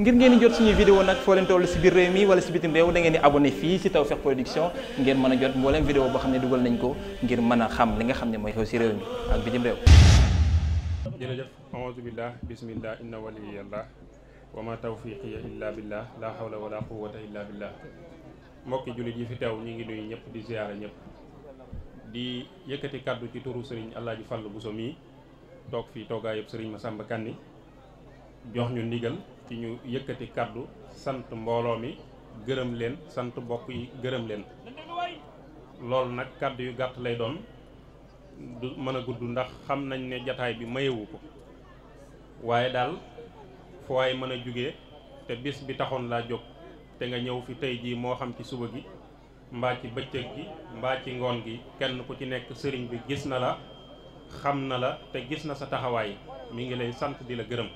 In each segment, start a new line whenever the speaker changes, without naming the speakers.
ngir ngeen di jot suñuy vidéo nag foo leen toll si biir réew mi wala si bitim réew da ngeen di abonné fii si Tawfekh Production ngeen mën a jot mbooleem vidéo boo xam ne dugal nañ ko ngir mën a xam li nga xam ne mooy xew si réew mi ak bitim réew
jërëjëf aouzu billah bismillah inna waliyallah wa ma tawfiqiya illa billah la hawla wala quwwata illa billah mbokki jullit yi fi teew ñu ngi nuyu ñëpp di ziyaara ñëpp di yëkkati kàddu ci turu sëriñ Alaaji bu so mii toog fii toogaa yëpp sëriñ Masamba Kanni jox ñu ndigal ci yëkkati kàddu sant mbooloo mi gërëm leen sant bokk yi gërëm leen loolu nag kàddu yu gàtt lay doon du mën a gudd ndax xam nañ ne jataay bi mayewu ko waaye daal foo waay mën a jóge te bis bi taxoon laa jóg te nga ñëw fi tey jii moo xam ci suba gi mbaa ci bëccëg gi mbaa ci ngoon gi kenn ko ci nekk sëriñ bi gis na la xam na la te gis na sa taxawaay mi ngi lay sant di la gërëm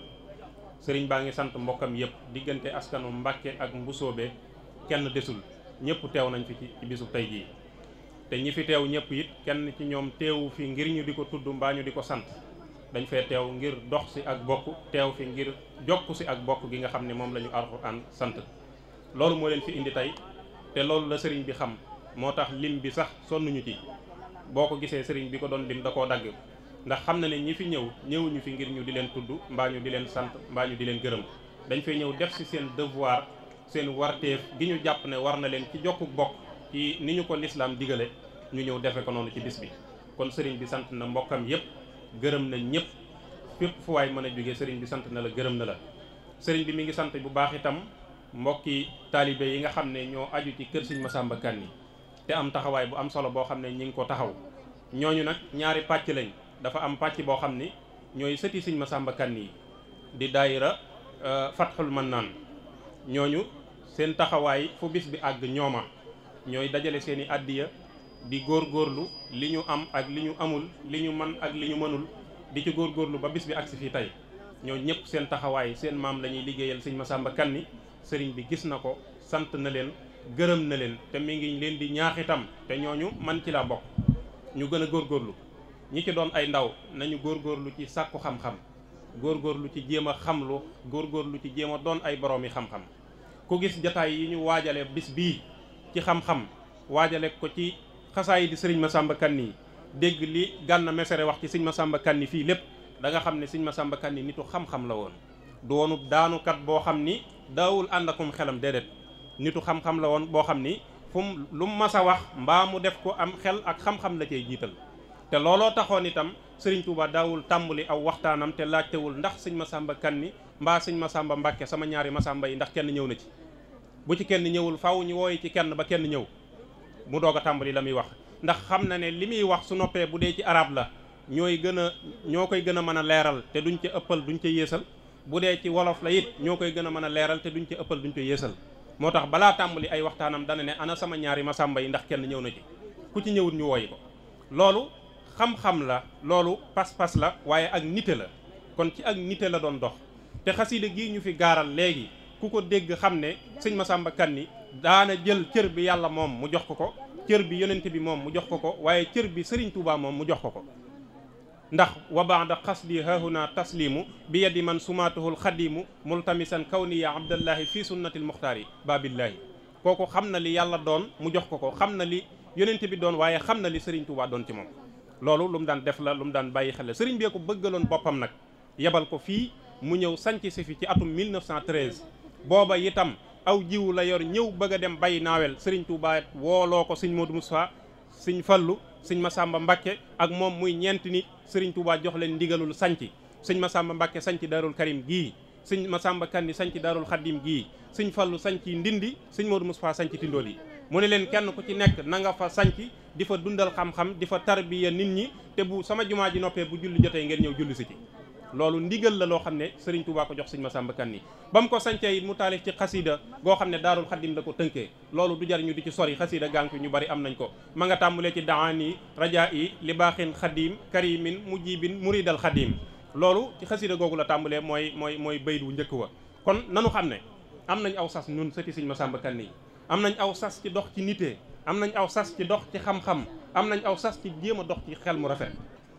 sëriñ baa ngi sant mbokkam yëpp diggante askanu Mbàkke ak Mbusoobe kenn desul ñëpp teew nañ fi ci bisu tey gii te ñi fi teew ñëpp it kenn ci ñoom teewu fi ngir ñu di ko tudd mbaa ñu di ko sant dañ fee teew ngir dox si ak bokk teew fi ngir jokk si ak bokk gi nga xam ne moom lañu ñu alxuraan sant loolu moo leen fi indi tey te loolu la sëriñ bi xam moo tax lim bi sax sonnuñu ci boo ko gisee sëriñ bi ko doon lim da koo dagg ndax xam na ne ñi fi ñëw ñëwuñu fi ngir ñu di leen tudd mbaa ñu di leen sant mbaa ñu di leen gërëm dañu fay ñëw def si seen devoir seen warteef gi ñu jàpp ne war na leen ci jokku bokk ci ni ñu ko lislaam digale ñu ñëw defe ko noonu ci bis bi kon sëriñ bi sant na mbokkam yépp gërëm na ñëpp fépp fu waay mën a jóge sëriñ bi sant na la gërëm na la sëriñ bi mi ngi sant bu baax itam mbokki taalibe yi nga xam ne ñoo aju ci kër sëñ Masamba Kanni te am taxawaay bu am solo boo xam ne ñi ngi ko taxaw ñooñu nag ñaari pàcc lañ dafa am pàcc boo xam ni ñooy sëti sëñ Masamba Kan yi di daayira euh, Fatxul Mannaan ñooñu seen taxawaay fu bis bi àgg ñooma ñooy dajale seen i àddiya di góor góorlu li ñu am ak li ñu amul li ñu man ak li ñu mënul di ci góor góorlu ba bis bi àgg fi tey ñoo ñëpp seen taxawaay seen maam la ñuy liggéeyal sëñ ma Kan ni sëriñ bi gis na ko sant na leen gërëm na leen te mi ngi leen di ñaax itam te ñooñu man ci laa bokk ñu gën a góorlu ñi ci doon ay ndaw nañu góor góor lu ci sàkku xam-xam lu ci jéem a góor lu ci jéem a doon ay boroomi xam-xam ku gis jataay yi ñu waajale bis bii ci xam-xam waajale ko ci xasaay di sëriñ ma Kanni yi dégg li Gana Messere wax ci sëriñ Masamba Kanni fii lépp danga nga xam ne sëriñ Masamba Kanni nitu xam-xam la woon du daanukat boo xam ni daawul ànd akum xelam déedéet nitu xam-xam la woon boo xam ni fu lu mu mas a wax mbaa mu def ko am xel ak xam la cay jiital te looloo taxoon itam sëriñ Touba daawul tàmbali aw waxtaanam te laajtewul ndax sëñ Masamba kan mi mbaa ma Masamba Mbàkke sama ñaari Masamba yi ndax kenn ñëw na ci bu ci kenn ñëwul faw ñu wooye ci kenn ba kenn ñëw mu doog a tàmbali la muy wax ndax xam na ne li muy wax su noppee bu dee ci araab la ñooy gën a ñoo koy gën a mën a leeral te duñ ca ëppal duñ ca yéesal bu dee ci wolof la it ñoo koy gën a mën a leeral te duñ ca ëppal duñ ca yéesal moo tax balaa tàmbali ay waxtaanam dana ne ana sama ñaari Masamba yi ndax kenn ñëw na ci ku ci ñëwut ñu ko xam-xam la loolu pas-pas la waaye ak nite la kon ci ak nite la doon dox te xasida gii ñu fi gaaral léegi ku ko dégg xam ne sëñ ma Masamba Kanni daana jël cër bi yàlla moom mu jox ko ko cër bi yonent bi moom mu jox ko ko waaye cër bi sëriñ Touba moom mu jox ko ko ndax wa baada xasdi hahuna taslimu bi yadi man sumaatuhul xadimu multamisan kawni ya abdallahi fi sunnati lmuxtaari babillahi kooku xam na li yàlla doon mu jox ko ko xam na li yonent bi doon waaye xam na li sëriñ Touba doon ci moom loolu lu mu daan def la lu mu daan bàyyi xel la sëriñ bee ko bëggaloon boppam nag yebal ko fii mu ñëw sanc si fi ci atum 1913 booba itam aw jiwu la yor ñëw bëgg a dem bay naawel sëriñ Touba wooloo ko sëñ Modou Moustapha sëñ Fallu sëñ Massamba Mbacke ak moom muy ñeenti ni sëriñ Touba jox leen ndigalul sanc sëñ Massamba Mbacke sanc Darul Karim gii sëñ Massamba Kandi sanc Darul Xaddim gii sëñ Fallu sanc Ndindi sëñ Modou Moustapha sanc Tindóol yi mu ne leen kenn ku ci nekk na fa sanc di fa dundal xam-xam di fa tarbiya nit ñi te bu sama jumaa ji noppee bu julli jotee ngeen ñëw julli si ci loolu ndigal la loo xam ne Serigne Touba ko jox Serigne Massamba Kanni ba mu ko sancee it mu taalif ci xasida goo xam ne daarul xaddim la ko tënkee loolu du jar ñu di ci sori xasida gànk ñu bari am nañ ko ma nga tàmbulee ci daani rajaa yi libaaxin xadim karimin mujibin muridal xadim loolu ci xasida googu la tàmbulee mooy mooy mooy bayt wu njëkk wa kon nanu xam ne am nañ aw sas ñun sëti Serigne Massamba Kanni am nañ aw sas ci dox ci nitee am nañ aw sas ci dox ci xam-xam am nañ aw sas ci jéem a dox ci xel mu rafet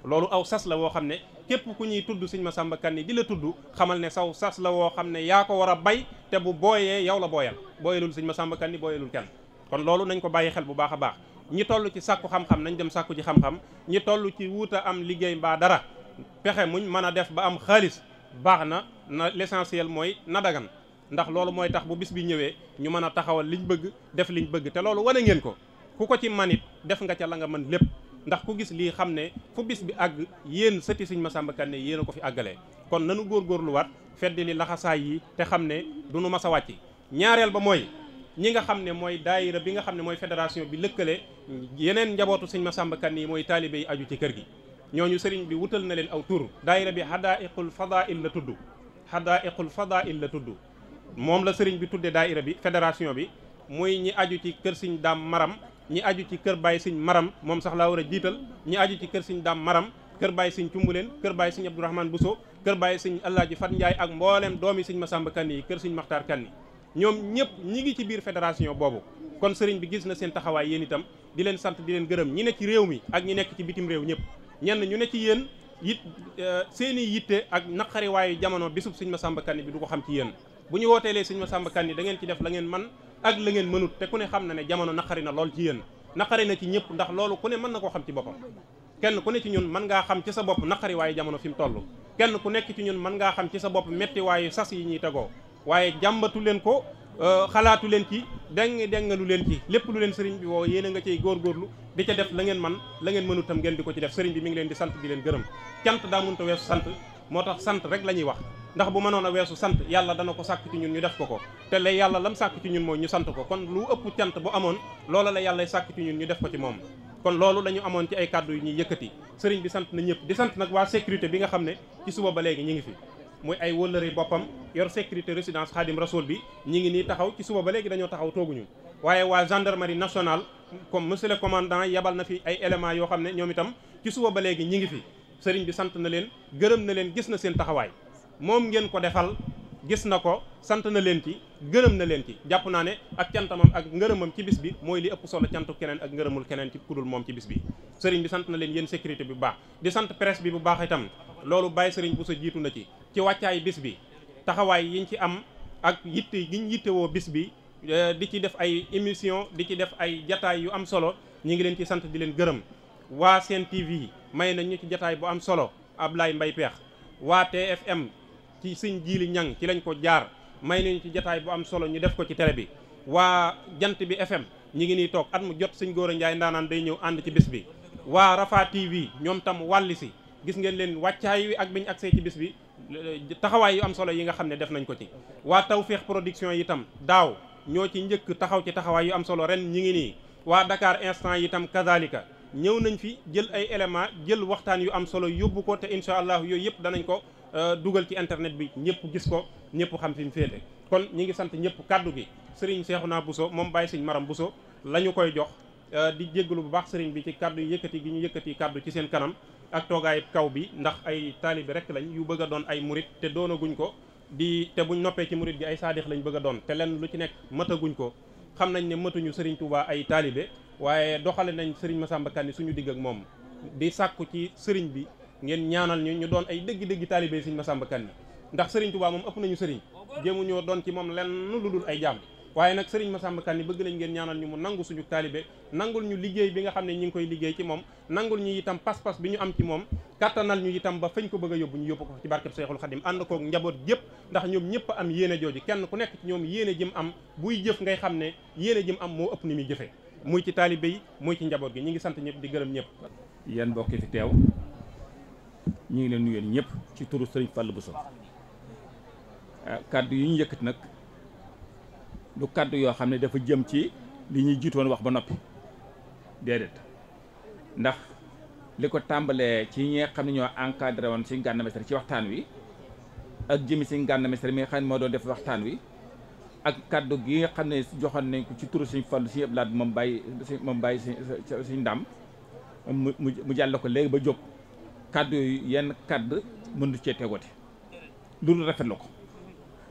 loolu aw sas la woo xam ne képp ku ñuy tudd sëñ Masamba Kanni di la tudd xamal ne saw sas la woo xam ne yaa ko war a bay te bu booyee yow la booyal booyalul sëñ Masamba Kanni booyalul kenn kon loolu nañ ko bàyyi xel bu baax a baax ñi tollu ci sàkku xam-xam nañ dem sàkku ci xam-xam ñi toll ci wuut a am liggéey mbaa dara pexe muñ mën a def ba am xaalis baax na na l'essentiel mooy na ndax loolu mooy tax bu bis bi ñëwee ñu mën a taxawal liñ bëgg def liñ bëgg te loolu wane ngeen ko ku ko ci manit def nga ca la nga mën lépp ndax ku gis lii xam ne fu bis bi àgg yéen sëti Sëriñ ma Kanni yéen a ko fi àggalee kon nanu góorgóorluwaat fedd li laxasaay yi te xam ne du nu mas a wàcc ñaareel ba mooy ñi nga xam ne mooy daayira bi nga xam ne mooy fédération bi lëkkale yeneen njabootu Sëriñ ma Kanni yi mooy taalibe yi aju ci kër gi ñooñu sëriñ bi wutal na leen aw tur daayira bi hadaiqul fadail la tudd hadaiqul fadail la tudd moom la sëriñ bi tudde daaira bi fédération bi muy ñi aju ci kër siñ daam maram ñi aju ci kër bàyyi siñ maram moom sax laa war a jiital ñi aju ci kër siñ daam maram kër baay siñ cumbuleen kër baay siñ abdourahman bousso kër baay siñ allaaji fat njaay ak mbooleem doomi siñ masamba kan yi kër siñ maxtaar kan yi ñoom ñëpp ñi ngi ci biir fédération boobu kon sëriñ bi gis na seen taxawaay yéen itam di leen sant di leen gërëm ñi ne ci réew mi ak ñi nekk ci bitim réew ñëpp ñenn ñu ne ci yéen it euh, seeni yitte ak naqariwaayu jamono bisub siñ masamba kan bi du ko xam ci yéen bu ñu wooteelee sëñ Masamba Kanni da ngeen ci def langeen ngeen man ak la ngeen mënut te ku ne xam na ne jamono naqari na lool ci yéen naqari na ci ñëpp ndax loolu ku ne mën na koo xam ci boppam kenn ku ne ci ñun mën ngaa xam ci sa bopp naqari waaye jamono fi mu toll kenn ku nekk ci ñun man ngaa xam ci sa bopp metti waaye sas yi ñuy tegoo waaye jàmbatu leen ko euh, xalaatu leen ci deng dengalu leen ci lépp lu leen sëriñ bi woo yéen a nga cay góorgóorlu di ca def la ngeen man la ngeen mënut tam ngeen di ko ci def sëriñ bi mi ngi leen di sant di leen gërëm cant daa mënut a weesu sant moo tax sant rek la ñuy wax ndax bu mënoon a weesu sant yàlla dana ko sàkk ci ñun ñu def ko ko te la yàlla lam sàkk ci ñun mooy ñu sant ko kon lu ëpp cant bu amoon loola la yàlla sàkk ci ñun ñu def ko ci moom kon loolu la amoon ci ay kàddu yu ñuy yëkkati sëriñ bi sant na ñëpp di sant nag waa sécurité bi nga xam ne ci suba ba léegi ñu ngi fi muy ay wëllëre boppam yor sécurité résidence xaadim rasoul bi ñu ngi nii taxaw ci suba ba léegi dañoo taxaw tooguñu waaye waa gendarmerie nationale comme monsieur le commandant yabal na fi ay éléments yoo xam ne ñoom itam ci suba ba léegi ñi ngi fi sëriñ bi sant na leen gërëm na leen gis na seen taxawaay moom ngeen ko defal gis na ko sant na leen ci gërëm na leen ci jàpp naa ne ak cantamam ak ngërëmam ci bis bi mooy li ëpp solo cantu keneen ak ngërëmul keneen ci kudul moom ci bis bi sëriñ bi sant na leen yéen sécurité bi bu baax di sant presse bi bu baax itam loolu bàyyi sëriñ bu sa jiitu na ci ci wàccaay bis bi taxawaay yiñ ci am ak yitte giñ yittewoo bis bi eh, di ci def ay émission di ci def ay jataay yu am solo ñu ngi leen ci sant di leen gërëm waa Sen TV may nañ ñu ci jataay bu am solo Ablaye Mbaye Peex waa ci sëñ jiili ñang ci lañ ko jaar may nañu ci jataay bu am solo ñu def ko ci télé bi waa jant bi fm ñi ngi nii toog at mu jot sëñ góor a njaay ndaanaan day ñëw ànd ci bis bi waa rafa tv ñoom tam wàlli si gis ngeen leen wàccaay wi ak biñu agsee ci bis bi taxawaay yu am solo yi nga xam ne def nañ ko ci waa tawféex production itam daaw ñoo ci njëkk taxaw ci taxawaay yu am solo ren ñi ngi nii waa dakaar instant yi tam kazalika ñëw nañ fi jël ay élément jël waxtaan yu am solo yóbbu ko te incha allah yooyu yëpp danañ ko Euh, dugal ci internet bi ñëpp gis ko ñëpp xam fi mu féete kon ñi ngi sant ñëpp kàddu gi sëriñ Seexuna Buso moom bàyyi sëriñ Maram Buso la ñu koy jox euh, di jégalu bu baax sëriñ bi ci kàddu yi yëkkati gi ñu yëkkati kàddu ci seen kanam ak toogaay kaw bi ndax ay taalibe rek lañ yu bëgg a doon ay murit te doonaguñ ko di te buñ noppee ci murit gi ay saadix lañ bëgg a doon te lenn lu ci nekk mataguñ ko xam nañ ne matuñu sëriñ Touba ay taalibe waaye doxale nañ sëriñ Masamba Kanni suñu digg ak moom di sàkku ci sëriñ bi ngeen ñaanal ñu ñu doon ay dëgg-dëgg taalibé Sëriñ Massamba Kanni ndax Sëriñ Tuubaa moom ëpp nañu sëriñ jéemu ñoo doon ci moom lenn lu dul ay jaam waaye nag Sëriñ Massamba Kanni bëgg nañ ngeen ñaanal ñu mu nangu suñu taalibe nangul ñu liggéey bi nga xam ne ñi ngi koy liggéey ci moom nangul ñu itam pas-pas bi ñu am ci moom kattanal ñu itam ba fañ ko bëgg a yóbbu ñu yóbbu ko ci barkeb Seexul Xadim ànd koog njaboot yëpp ndax ñoom ñëpp am yéene jooju kenn ku nekk ci ñoom yéene jëm am buy jëf ngay xam ne yéene jëm am moo ëpp ni muy jëfee muy ci taalibe yi muy ci njaboot gi ñi ngi sant ñëpp di gërëm ñëpp
yéen mbokk fi teew ñu ngi leen nuyeen ñëpp ci turu sëriñ bu Bousso ah, kàddu yi ñu yëkkati nag du kàddu yoo xam ne dafa jëm ci li ñuy jiitoon wax ba noppi déedéet ndax li ko tàmbalee ci ñi nga xam ne ñoo encadré woon si Gana ci waxtaan wi ak jëmi si Gana Messere mi nga xam ne moo doon def waxtaan wi ak kàddu gi nga xam ne joxoon nañ ko ci turu suñ Fallou si yëpp laat moom bàyyi moom bàyyi si suñ ndam mu mu jàll ko léegi ba jóg kàddu yooyu yenn kàddu mënut cee tegooti lu rafet rafetlu ko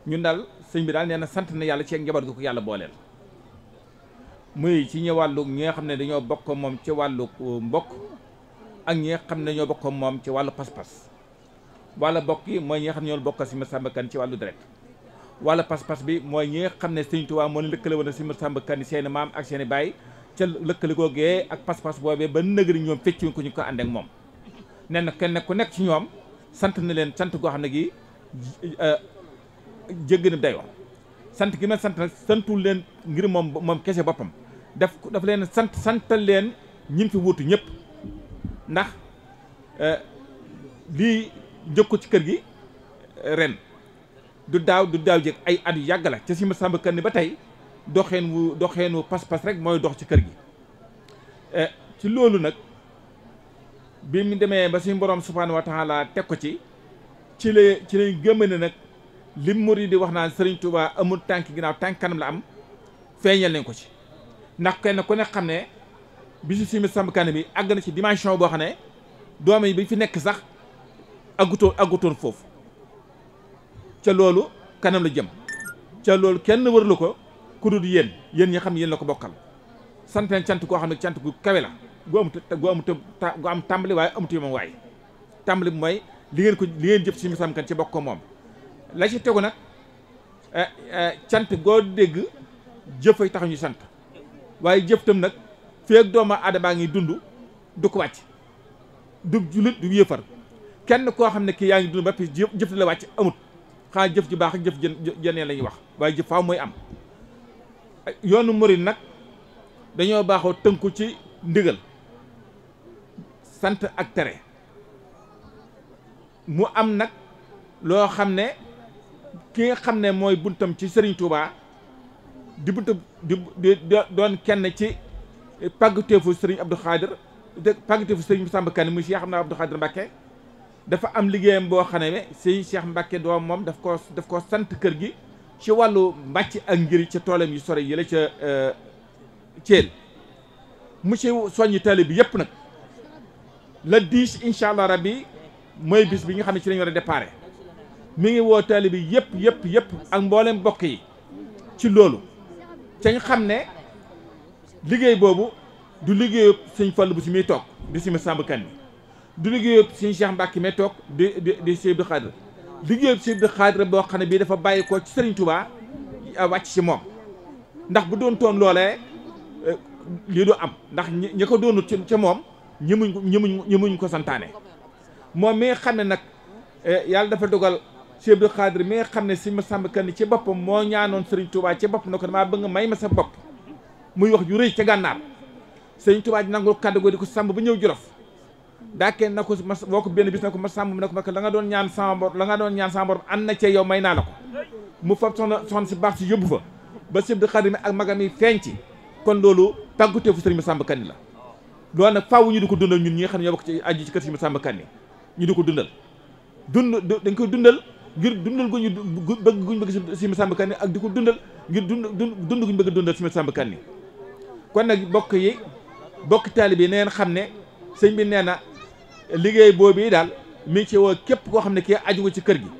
ñun daal sëñ bi daal nee na sant na yàlla ci ak njaboot gi ko yàlla booleel. muy ci ñi wàllu ñi nga xam ne dañoo bokk moom ci wàllu uh, mbokk ak ñi nga xam ne dañoo bokk moom ci wàllu pas-pas wala bokk yi mooy ñi xam ne ñoo bokk si Masamba Kan ci wàllu deret wala pas-pas bi mooy nga xam ne sëñ Tuubaa moo lëkkale woon si Masamba Kan yi seen maam ak seen i baay ca lëkkale googee ak pas-pas boobee ba nëgëri ñoom fecc ko ñu ko ànd moom. nee na kenn ku nekk ci ñoom sant na leen sant goo xam ne gi euh, jégg na dayoo sant gi ma sant nag santul leen ngir moom moom kese boppam daf daf leen sant santal leen ñim fi wuutu ñëpp ndax euh, lii ko ci kër gi euh, ren du daaw du daaw jëkk ay at yàgg la ca si ma sàmba kan ni ba tey doxeen wu doxeen wu pas-pas rek mooy dox ci kër gi ci loolu nag bi mu demee ba suñu borom subhaanahu wa taala teg ko ci ci la ci lañ gëm ne nag lim yi di wax naan Serigne Touba amut tànk ginnaaw tànk kanam la am feeñal nañ ko ci ndax kenn ku ne xam ne bisu simi kanam bi àgg na ci dimension boo xam ne doom yi bi fi nekk sax aggutoon aggutoon foofu ca loolu kanam la jëm ca loolu kenn wërlu ko ku dul yéen yéen ñi xam ne la ko bokkal sant nañ cant koo xam ne cant gu kawe la gu am gu am gu am tàmbali waaye amutu moom waaye tàmbali bi li jëf si ci bokk ko moom la ci tegu nag eh, eh, cant goo dégg jëf ay tax waaye jëf nag feeg doomu aadamaa ngi dund du ko du julit du yëfar kenn koo xam ne kii yaa ngi dund ba pis jëf la wàcc amut jëf ji baax jëf jeneen la wax waaye jëf mooy am yoonu murid nag dañoo baaxoo tënku ci ndigal sant ak tere mu am nag loo xam ne ki nga xam ne mooy buntam ci sëriñ Touba di buntam di doon kenn ci pàggateefu Serigne Abdou Khadir de pàggateefu Serigne Samba Kane muy Cheikh Abdou Khadir Mbacke dafa am liggéeyam boo xam ne Serigne Cheikh Mbacke doom moom daf koo daf koo sant kër gi ci wàllu mbàcc ak ngir ca toolam yu sore yële ca euh, Thiel mu ci soññi taalibe bi yëpp nag. le 10 incha allah bi mooy bis bi nga xam ne ci lañ war a déparé mi ngi woo taalibe bi yëpp yëpp yëpp ak mboolem mbokk yi ci loolu cañ xam ne liggéey boobu du liggéeyub sëñ Fallu bu si muy toog di si kan bi du liggéeyub sëñ Cheikh Mbacke may toog di di di Sëñ Abdou Khadre liggéeyub Sëñ Abdou Khadre boo xam ne bii dafa bàyyi ko ci Serigne Touba wàcc ci moom ndax bu doon toon loolee eh, lii du am ndax ñi ko doonut ca moom. ñëmuñ ko ñëmuñ ñëmuñ ko santaane moom mi xam ne nag eh, yàlla dafa dogal Cheikh Abdou Khadre xam ne si ma sàmb kan ci boppam moo ñaanoon Serigne Touba ci bopp na ko damaa bëgg may ma sa bopp muy wax ju rëy ca gànnaar Serigne Touba ji nangul kàddu goo di ko sàmb ba ñëw Jolof daakee na ko ma woo ko benn bis na ko ma sàmb na ko ma la nga doon ñaan sama la nga doon ñaan sama bor na cee yow may naa la ko mu fab soxna soxna si baax si yóbbu fa ba Cheikh Abdou Khadre mi ak magam yi ci kon loolu tàggutee fu Serigne ma sàmb kan la loolu nag faaw ñu di ko dundal ñun ñi nga xam ne ñoo bokk ci aju ci kër si Massamba Kanni ñu di ko dundal dund dañ ko dundal ngir dundal gu ñu bëgg guñ bëgg si Massamba Kanni ak di ko dundal ngir dund dund guñ bëgg dundal si Massamba Kanni kon nag bokk yi bokk taalibe yi neen xam ne sëñ bi nee na liggéey boobu daal mi ngi ci woo képp koo xam ne kii aju ko ci kër gi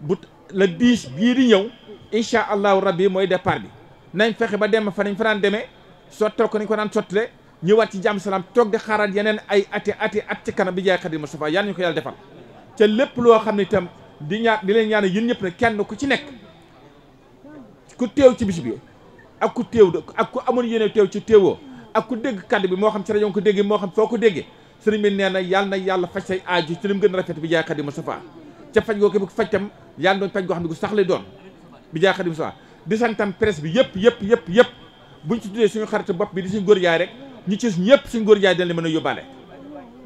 bu la diis bii di ñëw incha allahu rabbi mooy départ bi nañ fexe ba dem fa nañ fa daan demee sottal ko nañ ko daan sottale ñëwaat ci jàmm salaam toog di xaaraat yeneen ay ati ati at ci kanam bi jaay Xadim Mustafa yal ñu ko yàlla defal ca lépp loo xam ne itam di ñaan di leen ñaanal yéen ñëpp ne kenn ku ci nekk ku teew ci bis bi ak ku teew ak ku amoon yéene teew ci teewoo ak ku dégg kàddu bi moo xam ci rajo ko déggee moo xam foo ko déggee sëriñ bi nee na na yàlla faj say aaju ci li mu gën a rafet bi jaay Xadim Mustafa ca faj goo ko bu faj tam yàlla doon faj goo xam ne gu sax lay doon bi jaay Xadim Mustafa di santam bi yëpp yëpp yëpp yëpp buñ ci tuddee suñu xarit bopp bi di suñu góor yaay rek ñu ci ñëpp suñ góor jaay dañ leen mën a yóbbaale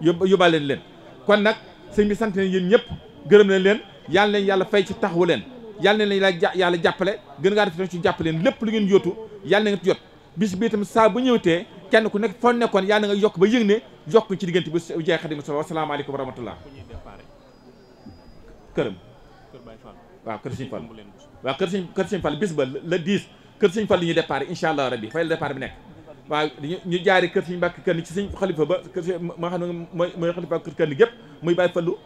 yóbbaale leen kon nag sëñ bi sant nañ yéen ñëpp gërëm nañ leen yàlla leen yàlla fay ci taxawu leen yàlla leen la yàlla jàppale gën ngaa def ci jàpp leen lépp lu ngeen yóotu yàlla na nga ci jot bis bi itam saa bu ñëw tee kenn ku nekk foo nekkoon yàlla na nga yokk ba yëg ne yokk ci diggante bi jeex xadim sala wasalaamaaleykum wa rahmatullah këram waaw kër sëñ Fall waaw kër sëñ kër sëñ Fall bis ba le 10 kër sëñ Fall li ñuy départ incha allah rabbi fay waaw ñu jaari kër suñu mbàkk kan ci suñ xalifa ba kër ma xam ne mooy mooy xalifa kër kan gépp muy Baye Fallou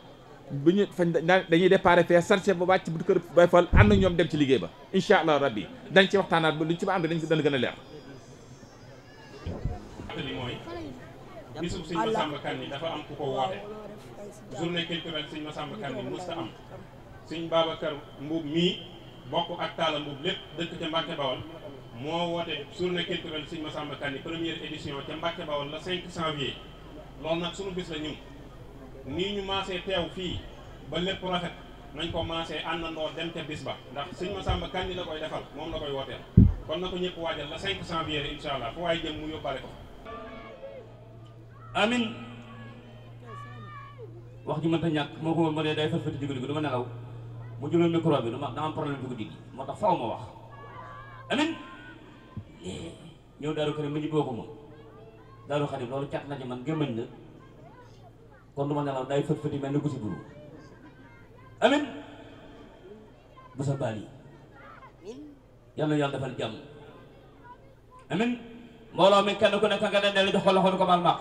bu ñu fañ dañuy déparé fee sarce ba wàcc bu kër Baye Fall ànd ak ñoom dem ci liggéey ba incha allah rabbi dañ ci waxtaanaat ba luñ ci ba ànd dañ dana gën a leer
mooy bisub sëñ dafa am ko woote journée culturelle sëñ Massamba Kanni musta am sëñ Babacar Mbuub mii bokk ak Talla Mbuub lépp dëkk ca Mbàkke Bawol moo woote journée culturelle Serigne Massamba Kanni première édition ca Mbacke Bawol la 5 janvier loolu nag sunu bis la ñun nii ñu maasee teew fii ba lépp rafet nañ ko maasee àndandoo dem ca bis ba ndax Serigne Massamba Kanni la koy defal moom la koy wooteel kon na ko ñëpp waajal la 5 janvier incha allah fu waaye jëm
mu yóbbaale ko. amin wax ji ñàkk moo ko ma dee day farfati ci guddi gi du ma nelaw mu jëloon micro bi du ma dama am problème ci moo tax faw ma wax ñëw daaru ko ne mu ñu bokku ma daaru xadim loolu cat na ci man gémmañ na kon du ma nelaw day fët fëti mel ni gusi amin bu sa baal yi yàlla yàlla defal jàmm amin mbooloo mi kenn ku nekk nga ne ne la jox ko loxo ko baal màq